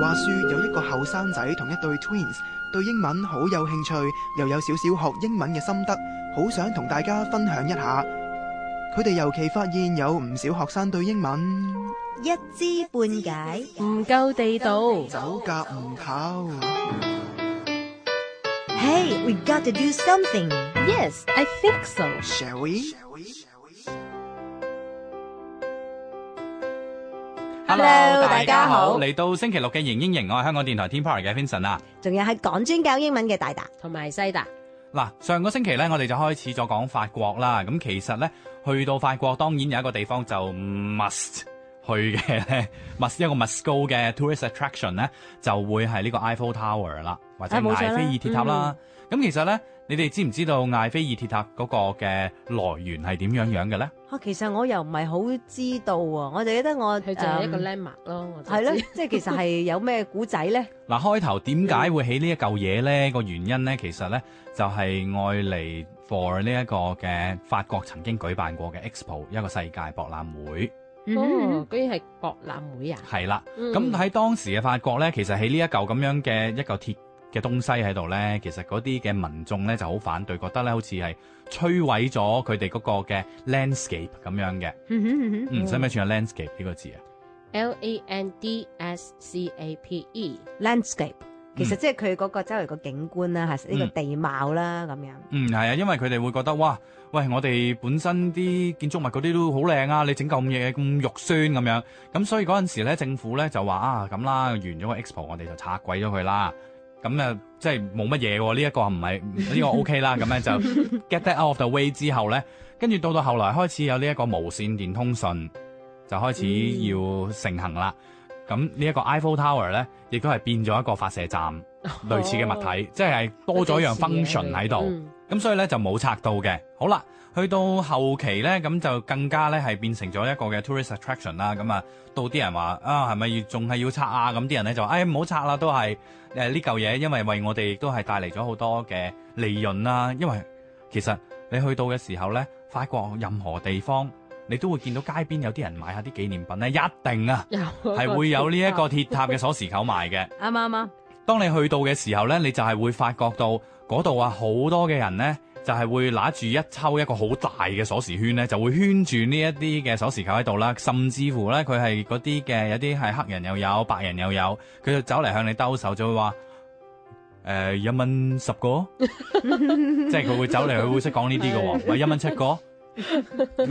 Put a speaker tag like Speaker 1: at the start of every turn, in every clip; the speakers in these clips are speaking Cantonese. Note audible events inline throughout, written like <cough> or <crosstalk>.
Speaker 1: 話說有一個後生仔同一對 twins，對英文好有興趣，又有少少學英文嘅心得，好想同大家分享一下。佢哋尤其發現有唔少學生對英文一知
Speaker 2: 半解，唔夠地道，
Speaker 1: 走夾唔透。
Speaker 2: Hey, we got to do something. Yes, I think so. Shall we? Hello, Hello，大家好，嚟
Speaker 1: 到星期六嘅認英營，我係香港電台 Teen Power 嘅 Vincent 啊，
Speaker 2: 仲有係港專教英文嘅大達同埋西達。
Speaker 1: 嗱，上個星期咧，我哋就開始咗講法國啦。咁其實咧，去到法國，當然有一個地方就 must 去嘅 must 一個 must go 嘅 tourist attraction 咧，就會係呢個 Eiffel Tower 啦，或者埃菲爾鐵塔啦。咁、嗯、其實咧。你哋知唔知道艾菲爾鐵塔嗰個嘅來源係點樣樣嘅咧？
Speaker 2: 啊，其實我又唔係好知道喎、啊，我就記得我佢就係一個 landmark 咯，係咯、嗯，即係其實係有咩古仔咧？
Speaker 1: 嗱、 <laughs> 啊，開頭點解會起這一東西呢一嚿嘢咧？個原因咧，其實咧就係愛嚟 for 呢一個嘅法國曾經舉辦過嘅 expo 一個世界博覽會、
Speaker 2: 嗯。哦，居然係博覽會啊！係
Speaker 1: 啦，咁、嗯、喺當時嘅法國咧，其實起呢一嚿咁樣嘅一嚿鐵嘅東西喺度咧，其實嗰啲嘅民眾咧就好反對，覺得咧好似係摧毀咗佢哋嗰個嘅 landscape 咁樣嘅。
Speaker 2: <laughs> 嗯，使唔使
Speaker 1: 串 landscape 呢個字啊
Speaker 2: ？L A N D S C A P E landscape 其實即係佢嗰個周圍個景觀啦，係、嗯、呢個地貌啦咁樣。
Speaker 1: 嗯，係啊，因為佢哋會覺得哇，喂，我哋本身啲建築物嗰啲都好靚啊，你整咁嘢咁肉酸咁樣咁，咁所以嗰陣時咧政府咧就話啊咁啦，完咗個 Expo，我哋就拆鬼咗佢啦。咁啊，即係冇乜嘢喎，呢、這、一個唔係呢個 O K 啦，咁 <laughs> 咧就 get that out of the way 之後咧，跟住到到後來開始有呢一個無線電通訊，就開始要盛行啦。咁、嗯、呢一個 Eiffel Tower 咧，亦都係變咗一個發射站、哦、類似嘅物體，即係多咗一樣 function 喺度。嗯咁所以咧就冇拆到嘅。好啦，去到後期咧，咁就更加咧係變成咗一個嘅 tourist attraction 啦。咁啊，到啲人話啊，係咪要仲係要拆啊？咁啲人咧就話，哎，唔好拆啦，都係呢嚿嘢，啊這個、因為為我哋都係帶嚟咗好多嘅利潤啦、啊。因為其實你去到嘅時候咧，法國任何地方你都會見到街邊有啲人買下啲紀念品咧，一定啊，
Speaker 2: 係 <laughs> 會有呢一個鐵塔嘅
Speaker 1: 鎖匙扣賣嘅。啱啱啱。當你去到嘅時候呢，你就係會發覺到嗰度啊，好多嘅人呢，就係、是、會拿住一抽一個好大嘅鎖匙圈呢，就會圈住呢一啲嘅鎖匙扣喺度啦。甚至乎呢，佢係嗰啲嘅，有啲係黑人又有白人又有，佢就走嚟向你兜售，就會話：誒、呃，一蚊十個， <laughs> <laughs> 即係佢會走嚟，佢會識講呢啲嘅喎。咪一蚊七個，點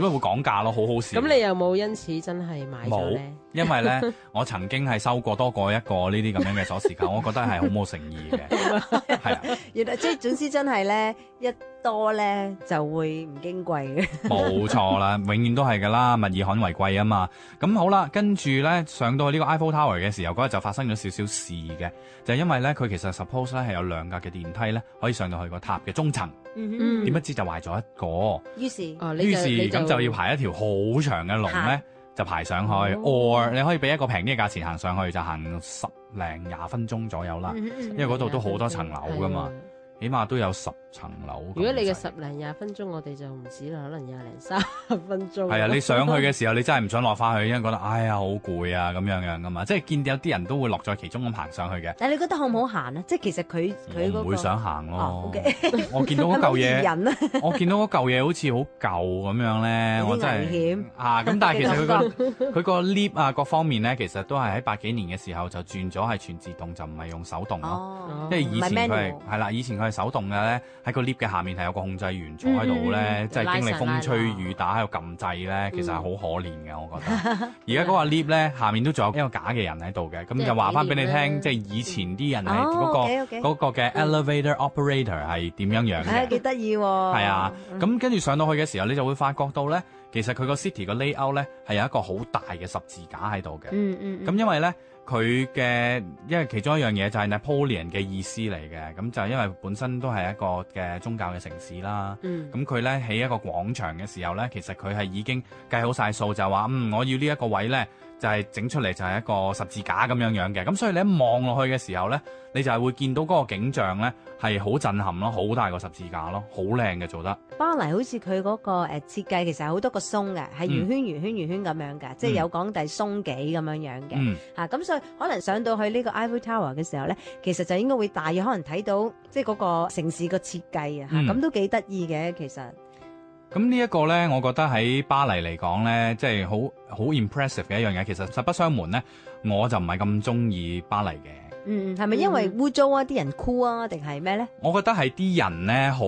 Speaker 1: <laughs> 解會講價咯？好好笑。咁你
Speaker 2: 有冇因此真係買咗因為咧，
Speaker 1: <laughs> 我曾經係收過多過一個呢啲咁樣嘅鎖匙卡， <laughs> 我覺得係好冇誠意嘅，
Speaker 2: 係 <laughs> 啊。原來即係、就是、總之真係咧，一多咧就會唔矜貴嘅。
Speaker 1: 冇 <laughs> 錯啦，永遠都係噶啦，物以罕為貴啊嘛。咁好啦，跟住咧上到去呢個 Eiffel Tower 嘅時候，嗰日就發生咗少少事嘅，就是、因為咧佢其實 suppose 咧係有兩格嘅電梯咧可以上到去個塔嘅中層，點、嗯、不知就壞咗一個。
Speaker 2: 於是，於、哦、是咁就，就要
Speaker 1: 排一條好長嘅龍咧。啊就排上去哦，oh. Or, 你可以俾一個平啲嘅價錢行上去，就行十零廿分鐘左右啦， <laughs> 因為嗰度都好多層樓噶嘛。 <laughs> 起碼都有十層樓。如
Speaker 2: 果你嘅十零廿分鐘，我哋就唔止啦，可能廿零三十分鐘。係 <laughs> 啊，你上去嘅
Speaker 1: 時候，你真係唔想落翻去，因為覺得哎呀好攰啊咁樣樣噶嘛。即係見到有啲人都會樂在其中咁行上去嘅。
Speaker 2: 但係你覺得好唔好行啊？即係其實佢佢唔會
Speaker 1: 想行咯。Oh, okay.
Speaker 2: <laughs> 我見到嗰嚿嘢， <laughs> 我見
Speaker 1: 到嗰嚿嘢好似好舊咁樣咧，我真係險啊咁。但係其實佢、那個佢個 lift 啊各方面咧，其實都係喺百幾年嘅時候就轉咗係全自動，就唔係用手動咯。Oh,
Speaker 2: oh. 因為以前佢
Speaker 1: 係啦，以前佢。手動嘅咧，喺個 lift 嘅下面係有個控制員坐喺度咧，即、嗯、係、就是、經歷風吹雨打喺度撳掣咧，其實係好可憐嘅，我覺得。而家嗰個 lift 咧， <laughs> 下面都仲有一個假嘅人喺度嘅，咁就話翻俾你聽，即係以前啲人係嗰、那個、哦那個嘅、okay, okay 那個、elevator operator 係點樣樣。嘅、
Speaker 2: 嗯？啊，幾得意喎！係啊，咁
Speaker 1: 跟住上到去嘅時候，你就會發覺到咧。其實佢個 city 個 layout 呢，係有一個好大嘅十字架喺度嘅，咁、嗯嗯、因為呢，佢嘅因為其中一樣嘢就係 Napoleon 嘅意思嚟嘅，咁就因為本身都係一個嘅宗教嘅城市啦，咁、嗯、佢、嗯、呢，喺一個廣場嘅時候呢，其實佢係已經計好晒數，就話嗯我要呢一個位呢。就係、是、整出嚟就係一個十字架咁樣樣嘅，咁所以你一望落去嘅時候咧，你就係會見到嗰個景象咧係好震撼咯，好大個十字架咯，好靚嘅做得。
Speaker 2: 巴黎好似佢嗰個誒設計其實係好多個松嘅，係圓圈圓圈圓圈咁樣嘅，即係有講第松幾咁樣樣嘅嚇，咁、嗯啊、所以可能上到去呢個 Eiffel Tower 嘅時候咧，其實就應該會大約可能睇到即係嗰個城市個設計啊，咁都幾得意嘅其實。
Speaker 1: 咁呢一個呢，我覺得喺巴黎嚟講呢，即係好好 impressive 嘅一樣嘢。其實實不相瞞呢，我就唔係咁中意巴黎嘅。
Speaker 2: 嗯，係咪因為污糟啊？啲、嗯、人酷啊？定係咩呢？
Speaker 1: 我覺得係啲人呢，好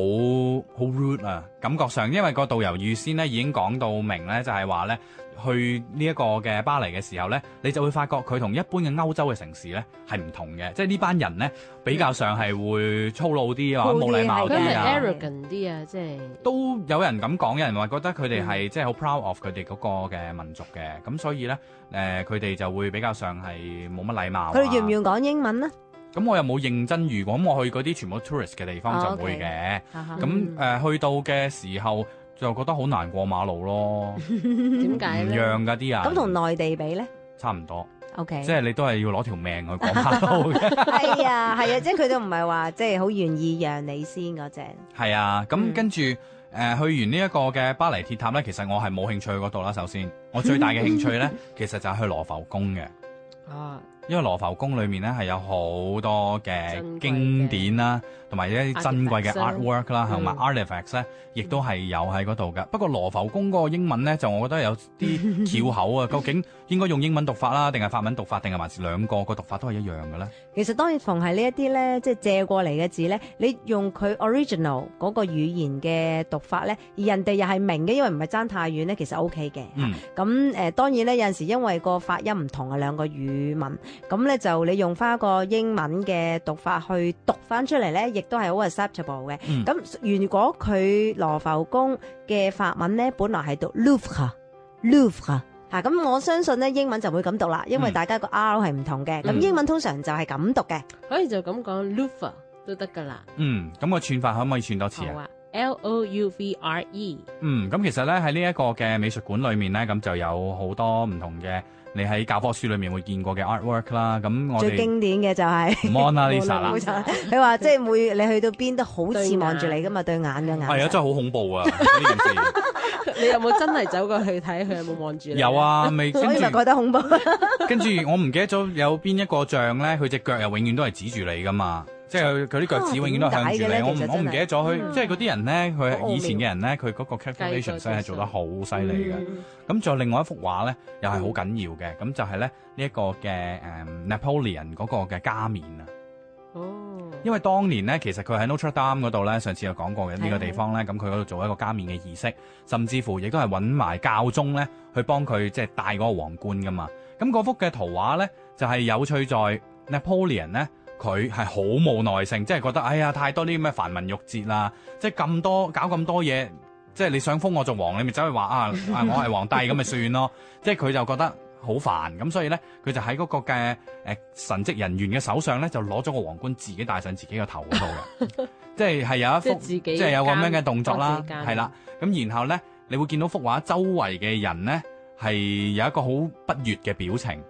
Speaker 1: 好 rude 啊，感覺上，因為個導遊預先呢已經講到明、就係、呢，就係話呢。去呢一個嘅巴黎嘅時候咧，你就會發覺佢同一般嘅歐洲嘅城市咧係唔同嘅，即係呢班人咧比較上係會粗魯啲啊，冇禮貌啲啊
Speaker 2: arrogant 啲啊，即係
Speaker 1: 都有人咁講，有人話覺得佢哋係即係好 proud of 佢哋嗰個嘅民族嘅，咁所以咧誒佢哋就會比較上係冇乜禮貌啊。佢哋願唔
Speaker 2: 願講英文咧？
Speaker 1: 咁我又冇認真。如果我去嗰啲全部 tourist 嘅地方就會嘅，就唔會嘅。咁、okay、誒、嗯呃、去到嘅時候。就覺得好難過馬路咯，
Speaker 2: 點解唔讓
Speaker 1: 嗰啲人？咁同
Speaker 2: 內地比咧，差唔多。O、okay. K，即係
Speaker 1: 你都係要攞條命去過馬路。嘅。係
Speaker 2: 啊，係啊，即係佢都唔係話即係好願意讓你先嗰隻。
Speaker 1: 係啊，咁跟住誒、嗯呃、去完呢一個嘅巴黎鐵塔咧，其實我係冇興趣嗰度啦。首先，我最大嘅興趣咧， <laughs> 其實就係去羅浮宮嘅。啊，因為羅浮宮裡面咧係有好多嘅經典啦。同埋一啲珍貴嘅 artwork 啦、嗯，同埋 artifacts 咧，亦都係有喺嗰度嘅。不過羅浮宮嗰個英文咧，就我覺得有啲翹口啊。 <laughs> 究竟應該用英文讀法啦，定係法文讀法，定係還是兩個個讀法都係一樣嘅咧？
Speaker 2: 其實當然凡係呢一啲咧，即係借過嚟嘅字咧，你用佢 original 嗰個語言嘅讀法咧，而人哋又係明嘅，因為唔係爭太遠咧，其實 O K 嘅。咁、嗯、當然咧有陣時因為個發音唔同啊，兩個語文，咁咧就你用翻個英文嘅讀法去讀翻出嚟咧，都係好 acceptable 嘅，咁如果佢羅浮宮嘅法文咧，本來係讀 Louvre，Louvre 吓，咁我相信咧英文就會咁讀啦，因為大家個 R 係唔同嘅，咁英文通常就係咁讀嘅，可以就咁講 Louvre 都得噶啦。
Speaker 1: 嗯，咁個串法可唔可以串多次啊？
Speaker 2: Louvre。
Speaker 1: 嗯，咁其實咧喺呢一個嘅美術館裏面咧，咁就有好多唔同嘅，你喺教科書裏面會見過嘅 artwork 啦。咁我最經
Speaker 2: 典嘅就係 Mona Lisa 啦。冇錯，你話即係每你去到邊都好似望住你噶嘛，對眼嘅眼。係啊，哎、
Speaker 1: 真係好恐怖啊！呢件事
Speaker 2: 你有冇真係走過去睇佢有冇望住你？有啊， <laughs> 未。所以就覺得恐怖。
Speaker 1: <laughs> 跟住我唔記得咗有邊一個像咧，佢隻腳又永遠都係指住你噶嘛。即係佢啲腳趾永遠都向住、啊、你，我唔記得咗佢。即係嗰啲人咧，佢、嗯、以前嘅人咧，佢嗰個 calculation 真係做得好犀利嘅。咁、嗯、仲有另外一幅畫咧，又係好緊要嘅。咁、嗯、就係咧呢一個嘅、um, Napoleon 嗰個嘅加冕啊。哦，因為當年咧，其實佢喺 Notre Dame 嗰度咧，上次有講過嘅呢個地方咧，咁佢嗰度做一個加冕嘅儀式，甚至乎亦都係揾埋教宗咧去幫佢即係戴嗰個皇冠噶嘛。咁嗰幅嘅圖畫咧，就係、是、有趣在 Napoleon 咧。佢係好冇耐性，即係覺得哎呀太多啲咩繁文縟節啦，即係咁多搞咁多嘢，即係你想封我做王，你咪走去話啊，我係皇帝咁咪 <laughs> 算咯。即係佢就覺得好煩，咁所以咧，佢就喺嗰個嘅誒神職人員嘅手上咧，就攞咗個皇冠自己戴上自己個頭度嘅， <laughs> 即係係有一幅即係有咁樣嘅動作啦，係啦。咁然後咧，你會見到幅畫周圍嘅人咧係有一個好不悅嘅表情，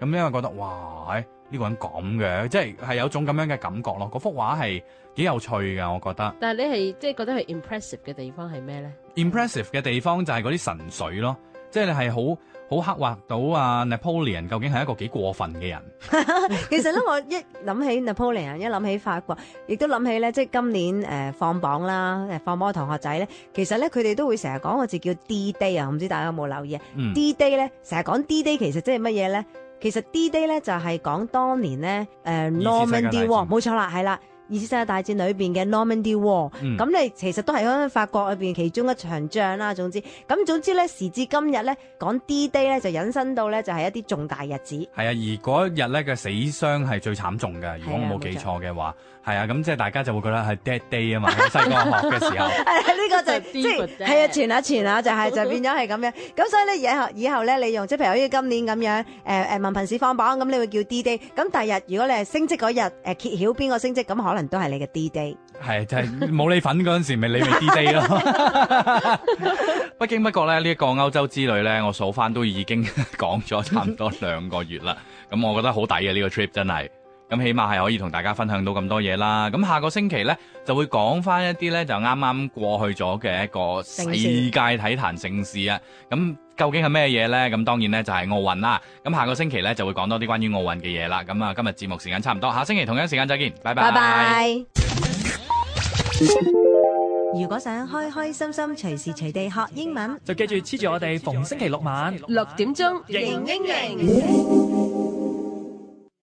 Speaker 1: 咁因為覺得哇。呢、呢個人講嘅，即係係有種咁樣嘅感覺咯。嗰幅畫係幾有趣嘅，我覺得。
Speaker 2: 但係你係即、就是、覺得佢 impressive 嘅地方係咩咧
Speaker 1: ？impressive 嘅地方就係嗰啲神髓咯，即係你係好好刻畫到啊 Napoleon 究竟係一個幾過分嘅人。
Speaker 2: <laughs> 其實咧，我一諗起 Napoleon，一諗起法國，亦都諗起咧，即今年、呃、放榜啦，放榜嘅同學仔咧，其實咧佢哋都會成日講個字叫 D Day 啊，唔知大家有冇留意、嗯、？D Day 咧成日講 D Day，其實即係乜嘢咧？其實 D Day 咧就係講當年咧，誒 Normandy 冇錯啦，係啦。二次世界大戰裏面嘅 Normandy War，咁、嗯、你其實都係喺法國裏面其中一場仗啦。總之，咁總之呢，時至今日呢，講 D Day 咧就引申到呢，就係、是、一啲重大日子。
Speaker 1: 係啊，而嗰日呢，嘅死傷係最慘重嘅，如果我冇記錯嘅話。係啊，咁即係大家就會覺得係 Dead Day 啊嘛。細個學嘅時
Speaker 2: 候，係 <laughs> <laughs> 啊，呢、呢個就係、 <laughs> 即係係啊，傳下傳下就係、是、就變咗係咁樣。咁所以呢，以後以後咧，你用即係譬如好似今年咁樣，誒文憑試放榜，咁你會叫 D Day。咁第日如果你係升職嗰日，誒揭曉邊個升職，咁可能。人都係你嘅 DJ，係就
Speaker 1: 係、是、冇你份陣時候，咪 <laughs> 你咪 DJ 咯。 <laughs> 不經不覺咧，呢、這、一個歐洲之旅咧，我數翻都已經講咗差唔多兩個月啦。咁 <laughs> 我覺得好抵嘅呢個 trip 真係。咁起碼係可以同大家分享到咁多嘢啦，咁下個星期呢就會講翻一啲呢就啱啱過去咗嘅一個世界體壇盛事啊！咁究竟係咩嘢呢？咁當然呢就係奧運啦！咁下個星期呢就會講多啲關於奧運嘅嘢啦！咁啊今日節目時間差唔多，下星期同樣時間再見，拜拜！拜
Speaker 2: 拜！如果想開開心心隨時隨地學英文，
Speaker 1: 就記住黐住我哋逢星期六晚
Speaker 2: 六點鐘，迎英營。